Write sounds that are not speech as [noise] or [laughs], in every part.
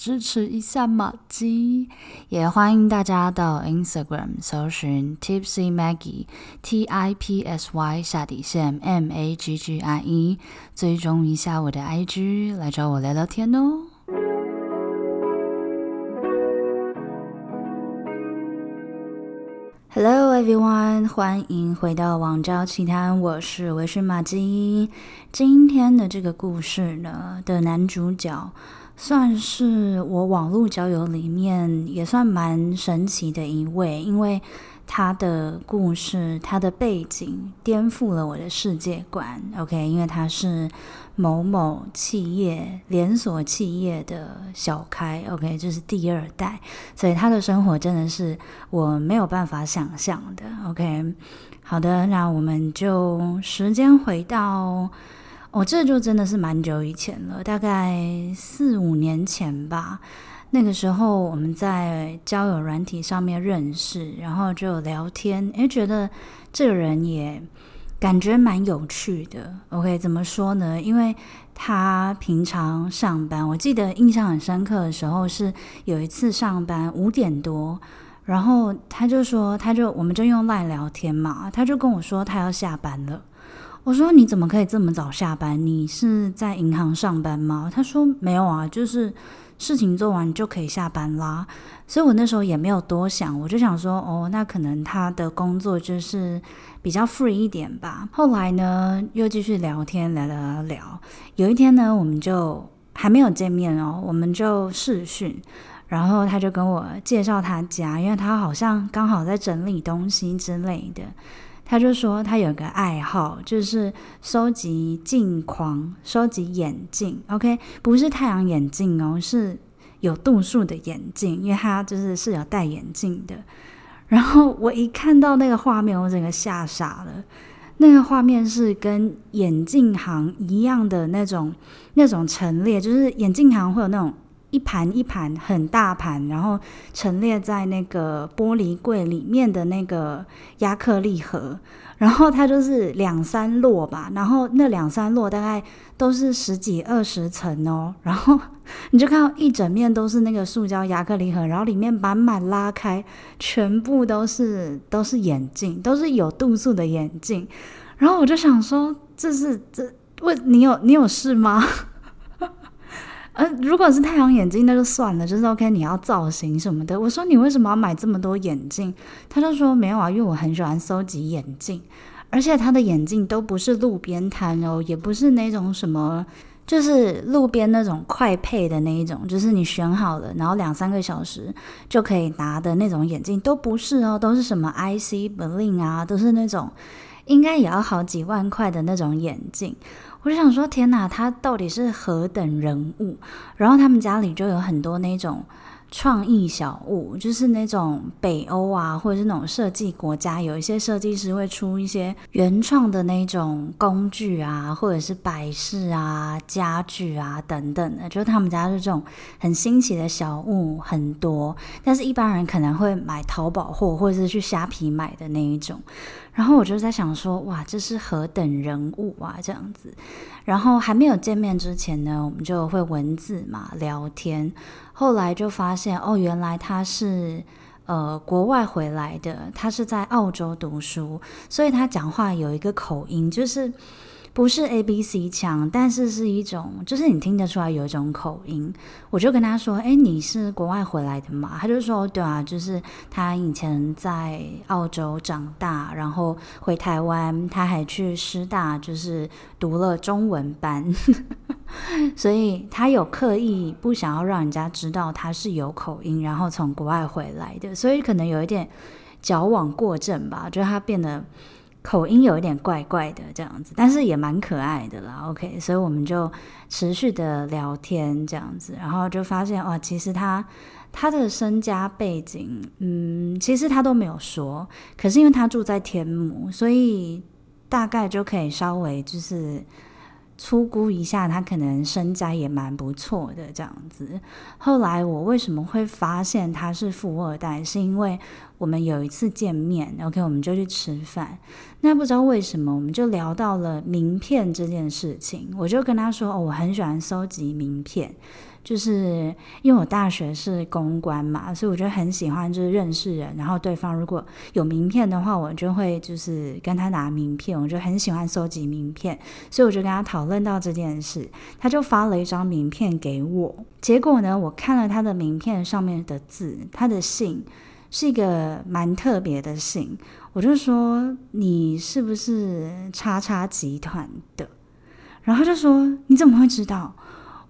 支持一下馬姬，也歡迎大家到 Instagram 搜尋 Tipsy Maggie，T I P S Y 下底線 M A G G I E，追蹤一下我的 IG，來找我聊聊天哦。Hello everyone，歡迎回到王朝奇談，我是微醺馬姬。今天的這個故事呢，的男主角。算是我網絡交友裡面也算蠻神奇的一位，因為他的故事、他的背景顛覆了我的世界觀。OK，因為他是某某企業連鎖企業的小開，OK，這是第二代，所以他的生活真的是我沒有辦法想象的。OK，好的，那我們就時間回到。我、哦、這就真的是蠻久以前了，大概四五年前吧。那個時候我們在交友軟體上面認識，然後就聊天，誒，覺得這個人也感覺蠻有趣的。OK，怎麼說呢？因為他平常上班，我記得印象很深刻的時候是有一次上班五點多，然後他就說，他就我們就用賴聊天嘛，他就跟我說他要下班了。我說：“你怎麼可以這麼早下班？你是在銀行上班嗎？”他說：“沒有啊，就是事情做完就可以下班啦。”所以我那時候也沒有多想，我就想說：“哦，那可能他的工作就是比較 free 一點吧。”後來呢，又繼續聊天，聊聊聊。有一天呢，我們就還沒有見面哦，我們就視訊，然後他就跟我介紹他家，因為他好像剛好在整理東西之類的。他就說他有個愛好，就是收集鏡框，收集眼鏡。OK，不是太陽眼鏡哦，是有度數的眼鏡，因為他就是是有戴眼鏡的。然後我一看到那個畫面，我整個嚇傻了。那個畫面是跟眼鏡行一樣的那種那種陳列，就是眼鏡行會有那種。一盤一盤很大盤，然後陳列在那個玻璃櫃裡面的那個亞克力盒，然後它就是兩三摞吧，然後那兩三摞大概都是十幾二十層哦，然後你就看到一整面都是那個塑膠亞克力盒，然後裡面滿滿拉開，全部都是都是眼鏡，都是有度數的眼鏡，然後我就想說，這是這，問你有你有事嗎？嗯、啊，如果是太陽眼鏡那就算了，就是 OK。你要造型什麼的，我說你為什麼要買這麼多眼鏡？他就說沒有啊，因為我很喜歡收集眼鏡，而且他的眼鏡都不是路邊攤哦，也不是那種什麼，就是路邊那種快配的那一種，就是你選好了，然後兩三個小時就可以拿的那種眼鏡都不是哦，都是什麼 IC Berlin 啊，都是那種。應該也要好幾萬塊的那種眼鏡，我就想說，天哪，他到底是何等人物？然後他們家裡就有很多那種創意小物，就是那種北歐啊，或者是那種設計國家，有一些設計師會出一些原創的那種工具啊，或者是擺飾啊、家具啊等等的。就他們家是這種很新奇的小物很多，但是一般人可能會買淘寶貨，或者是去蝦皮買的那一種。然後我就在想說，哇，這是何等人物啊，這樣子。然後還沒有見面之前呢，我們就會文字嘛聊天。後來就發現，哦，原來他是呃國外回來的，他是在澳洲讀書，所以他講話有一個口音，就是。不是 A B C 腔，但是是一種，就是你聽得出來有一種口音。我就跟他說：“哎、欸，你是國外回來的嘛？”他就說：“對啊，就是他以前在澳洲長大，然後回台灣，他還去師大就是讀了中文班， [laughs] 所以他有刻意不想要讓人家知道他是有口音，然後從國外回來的，所以可能有一點矯枉過正吧，就是他變得。”口音有一點怪怪的這樣子，但是也蠻可愛的啦。OK，所以我們就持續的聊天這樣子，然後就發現哇，其實他他的身家背景，嗯，其實他都沒有說，可是因為他住在天母，所以大概就可以稍微就是粗估一下，他可能身家也蠻不錯的這樣子。後來我為什麼會發現他是富二代，是因為。我們有一次見面，OK，我們就去吃飯。那不知道為什麼，我們就聊到了名片這件事情。我就跟他說：“哦，我很喜歡收集名片，就是因為我大學是公關嘛，所以我就很喜歡就是認識人。然後對方如果有名片的話，我就會就是跟他拿名片。我就很喜歡收集名片，所以我就跟他討論到這件事，他就發了一張名片給我。結果呢，我看了他的名片上面的字，他的姓。是一個蠻特別的姓，我就說你是不是叉叉集團的？然後就說你怎麼會知道？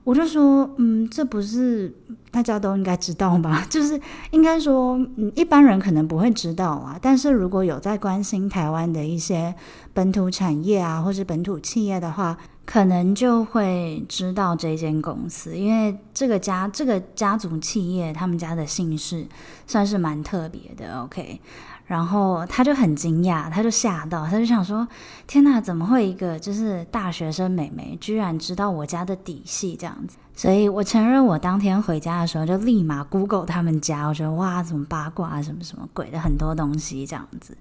我就說嗯，這不是大家都應該知道嗎？就是應該說嗯，一般人可能不會知道啊，但是如果有在關心台灣的一些本土產業啊，或是本土企業的話。可能就會知道這間公司，因為這個家這個家族企業，他們家的姓氏算是蠻特別的。OK，然後他就很驚訝，他就嚇到，他就想說：天吶，怎麼會一個就是大學生美眉，居然知道我家的底細這樣子？所以，我承認，我當天回家的時候就立馬 Google 他們家，我覺得哇，怎麼八卦，什麼什麼鬼的很多東西這樣子。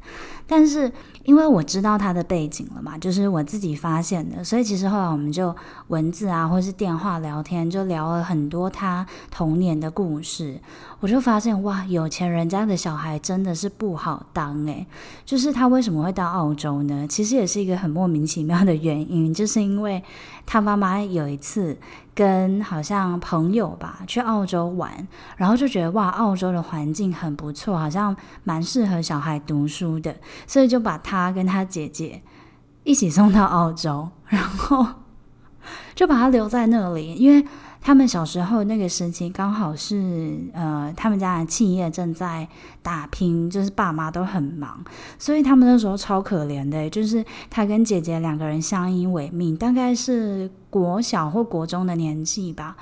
但是，因為我知道他的背景了嘛，就是我自己發現的，所以其實後來我們就文字啊，或是電話聊天，就聊了很多他童年的故事。我就發現哇，有錢人家的小孩真的是不好當誒、欸。就是他為什麼會到澳洲呢？其實也是一個很莫名其妙的原因，就是因為。他媽媽有一次跟好像朋友吧去澳洲玩，然後就覺得哇，澳洲的環境很不錯，好像蠻適合小孩讀書的，所以就把他跟他姐姐一起送到澳洲，然後就把他留在那裡，因為。他們小時候那個時期，剛好是呃，他們家的企業正在打拼，就是爸媽都很忙，所以他們那時候超可憐的，就是他跟姐姐兩個人相依為命，大概是國小或國中的年紀吧。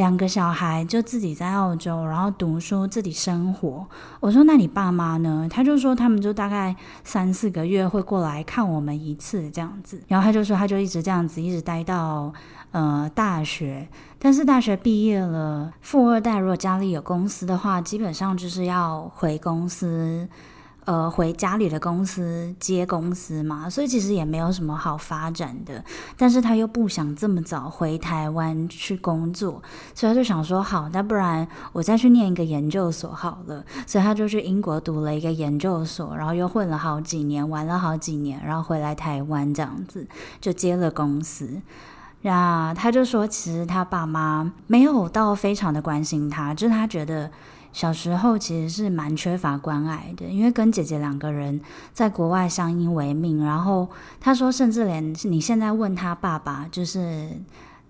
兩個小孩就自己在澳洲，然後讀書，自己生活。我說那你爸媽呢？他就說他們就大概三四個月會過來看我們一次這樣子。然後他就說他就一直這樣子，一直待到呃大學。但是大學畢業了，富二代如果家裡有公司的話，基本上就是要回公司。呃，回家裡的公司接公司嘛，所以其實也沒有什麼好發展的。但是他又不想這麼早回台灣去工作，所以他就想說：“好，那不然我再去念一個研究所好了。”所以他就去英國讀了一個研究所，然後又混了好幾年，玩了好幾年，然後回來台灣這樣子，就接了公司。那他就說，其實他爸媽沒有到非常的關心他，就是他覺得。小時候其實是蠻缺乏關愛的，因為跟姐姐兩個人在國外相依為命。然後他說，甚至連你現在問他爸爸，就是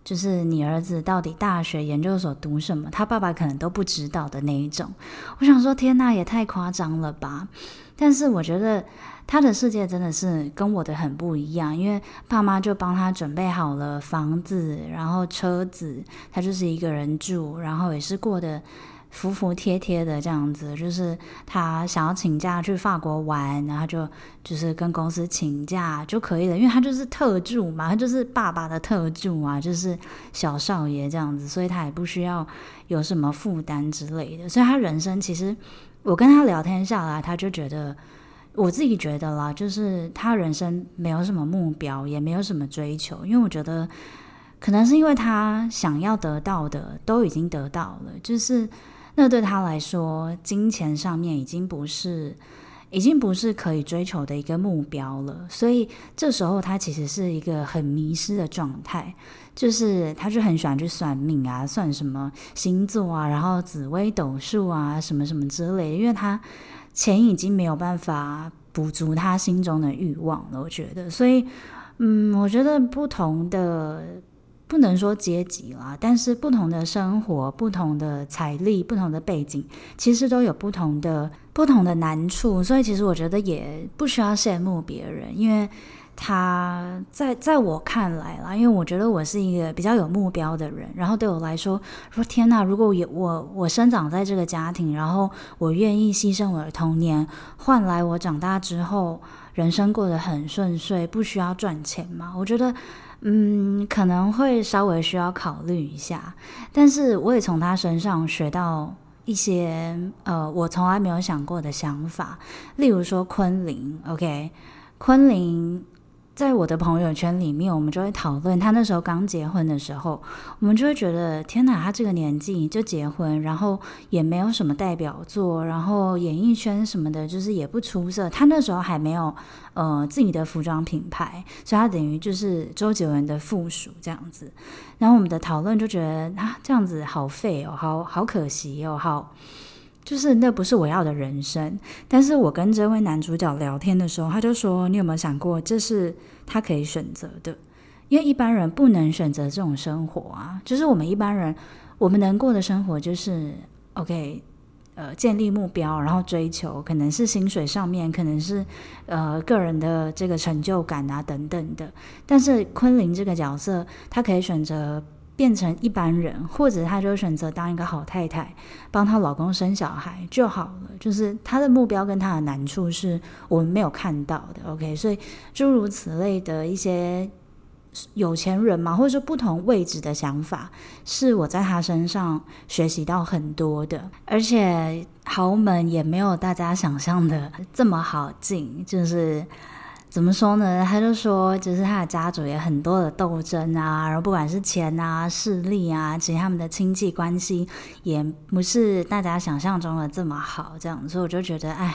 就是你兒子到底大學研究所讀什麼，他爸爸可能都不知道的那一種。我想說，天哪，也太誇張了吧！但是我覺得他的世界真的是跟我的很不一樣，因為爸媽就幫他準備好了房子，然後車子，他就是一個人住，然後也是過的。服服帖帖的這樣子，就是他想要請假去法國玩，然後就就是跟公司請假就可以了，因為他就是特助嘛，他就是爸爸的特助啊，就是小少爺這樣子，所以他也不需要有什麼負擔之類的。所以他人生其實我跟他聊天下來，他就覺得我自己覺得啦，就是他人生沒有什麼目標，也沒有什麼追求，因為我覺得可能是因為他想要得到的都已經得到了，就是。那對他來說，金錢上面已經不是，已經不是可以追求的一個目標了。所以這時候他其實是一個很迷失的狀態，就是他就很喜歡去算命啊，算什麼星座啊，然後紫微斗數啊，什麼什麼之類的。因為他錢已經沒有辦法補足他心中的欲望了，我覺得。所以嗯，我覺得不同的。不能說階級啦，但是不同的生活、不同的財力、不同的背景，其實都有不同的不同的難處。所以，其實我覺得也不需要羨慕別人，因為他在在我看來啦，因為我覺得我是一個比較有目標的人。然後對我來說，說天哪，如果有我，我生長在這個家庭，然後我願意犧牲我的童年，換來我長大之後人生過得很順遂，不需要賺錢嘛？我覺得。嗯，可能會稍微需要考慮一下，但是我也從他身上學到一些呃，我從來沒有想過的想法，例如說昆凌，OK，昆凌，在我的朋友圈裡面，我們就會討論他那時候剛結婚的時候，我們就會覺得天哪，他這個年紀就結婚，然後也沒有什麼代表作，然後演藝圈什麼的，就是也不出色。他那時候還沒有呃自己的服裝品牌，所以他等於就是周杰倫的附屬這樣子。然後我們的討論就覺得啊，這樣子好廢哦，好好可惜哦，好。就是那不是我要的人生，但是我跟這位男主角聊天的時候，他就說：“你有沒有想過，這是他可以選擇的？因為一般人不能選擇這種生活啊。就是我們一般人，我們能過的生活就是 OK，呃，建立目標，然後追求，可能是薪水上面，可能是呃個人的這個成就感啊等等的。但是昆凌這個角色，她可以選擇。”變成一般人，或者她就選擇當一個好太太，幫她老公生小孩就好了。就是她的目標跟她的難處是我們沒有看到的。OK，所以諸如此類的一些有錢人嘛，或者說不同位置的想法，是我在她身上學習到很多的。而且豪門也沒有大家想象的這麼好進，就是。怎麼說呢？他就說，就是他的家族也有很多的鬥爭啊，然後不管是錢啊、勢力啊，其實他們的親戚關係也不是大家想象中的這麼好，這樣，所以我就覺得，哎。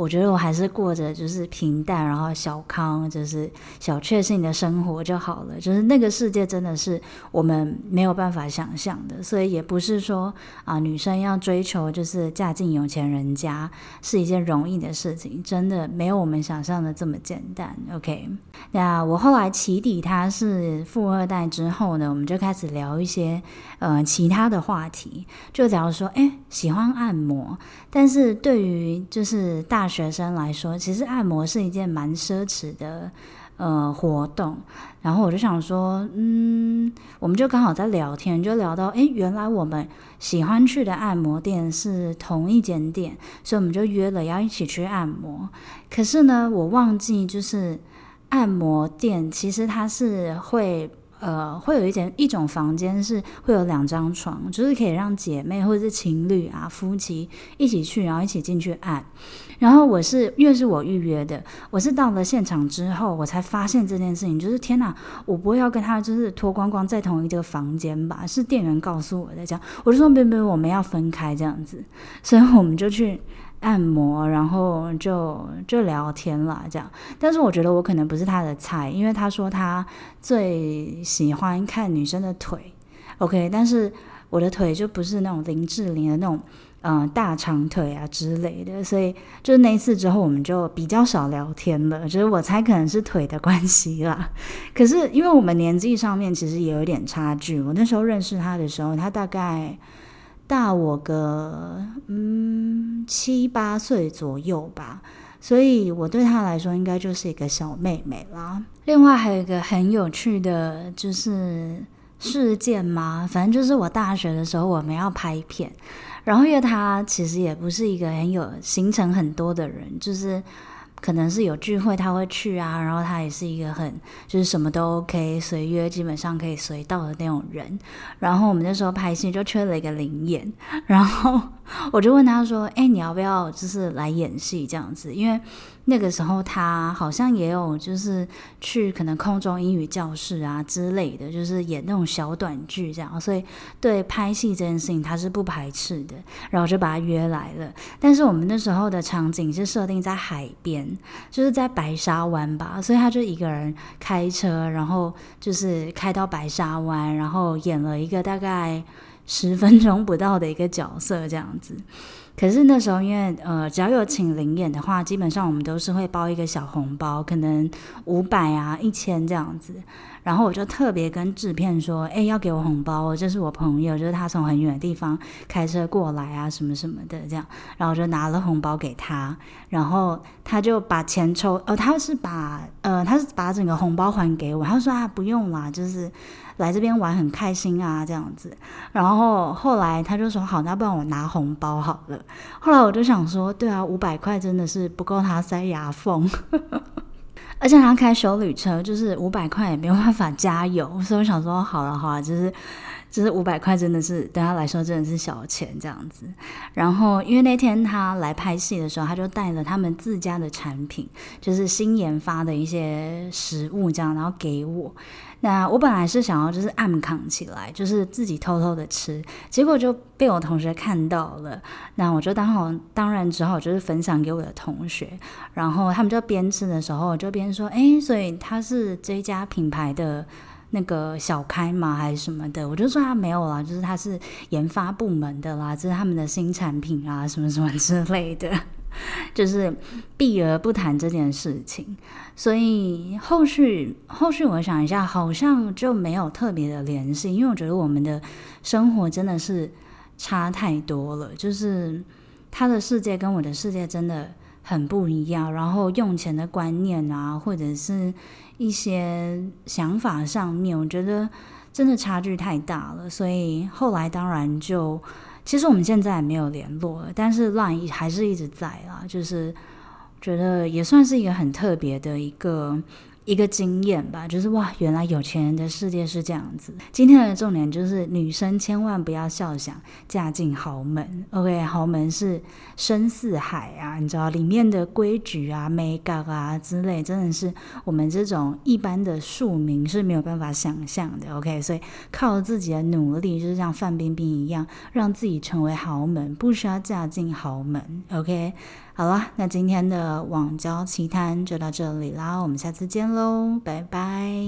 我覺得我還是過着就是平淡，然後小康，就是小確幸的生活就好了。就是那個世界真的是我們沒有辦法想象的，所以也不是說啊、呃，女生要追求就是嫁進有錢人家是一件容易的事情，真的沒有我們想象的這麼簡單。OK，那我後來起底他是富二代之後呢，我們就開始聊一些呃其他的話題，就假如說，哎、欸，喜歡按摩，但是對於就是大。學生來說，其實按摩是一件蠻奢侈的呃活動。然後我就想說，嗯，我們就剛好在聊天，就聊到，誒，原來我們喜歡去的按摩店是同一間店，所以我們就約了要一起去按摩。可是呢，我忘記就是按摩店其實它是會。呃，會有一間一種房間是會有兩張床，就是可以讓姐妹或者是情侶啊、夫妻一起去，然後一起進去按。然後我是因為是我預約的，我是到了現場之後，我才發現這件事情，就是天哪，我不會要跟他就是脫光光在同一個房間吧？是店員告訴我的，我就說，別別別，我們要分開這樣子，所以我們就去按摩，然後就就聊天了，這樣。但是我覺得我可能不是他的菜，因為他說他最喜歡看女生的腿，OK？但是我的腿就不是那種林志玲的那種，嗯、呃，大長腿啊之類的，所以就那一次之後我們就比較少聊天了。就是我猜可能是腿的關係啦。可是因為我們年紀上面其實也有點差距，我那時候認識他的時候，他大概。大我個嗯七八歲左右吧，所以我對他來說應該就是一個小妹妹啦。另外還有一個很有趣的就是事件嘛，反正就是我大學的時候我們要拍片，然後因為他其實也不是一個很有行程很多的人，就是。可能是有聚會他會去啊，然後他也是一個很就是什麼都 OK 隨約，基本上可以隨到的那種人。然後我們那時候拍戲就缺了一個臨演，然後我就問他說：“誒，你要不要就是來演戲這樣子？”因為那個時候他好像也有就是去可能空中英語教室啊之類的，就是演那種小短劇這樣，所以對拍戲這件事情他是不排斥的，然後就把他約來了。但是我們那時候的場景是設定在海邊，就是在白沙灣吧，所以他就一個人開車，然後就是開到白沙灣，然後演了一個大概十分鐘不到的一個角色這樣子。可是那時候，因為呃，只要有請臨演的話，基本上我們都是會包一個小紅包，可能五百啊、一千這樣子。然後我就特別跟製片說，哎、欸，要給我紅包，這是我朋友，就是他從很遠的地方開車過來啊，什麼什麼的這樣。然後我就拿了紅包給他，然後他就把錢抽，呃、哦，他是把呃，他是把整個紅包還給我。他說啊，不用啦，就是來這邊玩很開心啊，這樣子。然後後來他就說，好，那不然我拿紅包好了。後來我就想說，對啊，五百塊真的是不夠他塞牙縫。 [laughs] 而且他開休旅車，就是五百塊也沒有辦法加油，所以我想說，好了好了，就是。就是五百塊真的是對他來說真的是小錢這樣子，然後因為那天他來拍戲的時候，他就帶了他們自家的產品，就是新研發的一些食物這樣，然後給我。那我本來是想要就是暗扛起來，就是自己偷偷的吃，結果就被我同學看到了。那我就當好當然只好就是分享給我的同學，然後他們就邊吃的時候我就邊說：“哎、欸，所以他是這家品牌的。”那個小開嘛，還是什麼的，我就說他沒有啦，就是他是研發部門的啦，這、就是他們的新產品啊什麼什麼之類的，就是避而不談這件事情。所以後續後續我想一下，好像就沒有特別的聯繫，因為我覺得我們的生活真的是差太多了，就是他的世界跟我的世界真的，很不一樣，然後用錢的觀念啊，或者是一些想法上面，我覺得真的差距太大了。所以後來當然就，其實我們現在也沒有聯絡了，但是 Line 還是一直在啊。就是覺得也算是一個很特別的一個。一個經驗吧，就是哇，原來有錢人的世界是這樣子。今天的重點就是，女生千萬不要笑，想嫁進豪門。OK，豪門是深似海啊，你知道裡面的規矩啊、make up 啊之類，真的是我們這種一般的庶民是沒有辦法想象的。OK，所以靠自己的努力，就是像范冰冰一樣，讓自己成為豪門，不需要嫁進豪門。OK。好了，那今天的網交奇談就到這裡啦，我們下次見嘍，拜拜。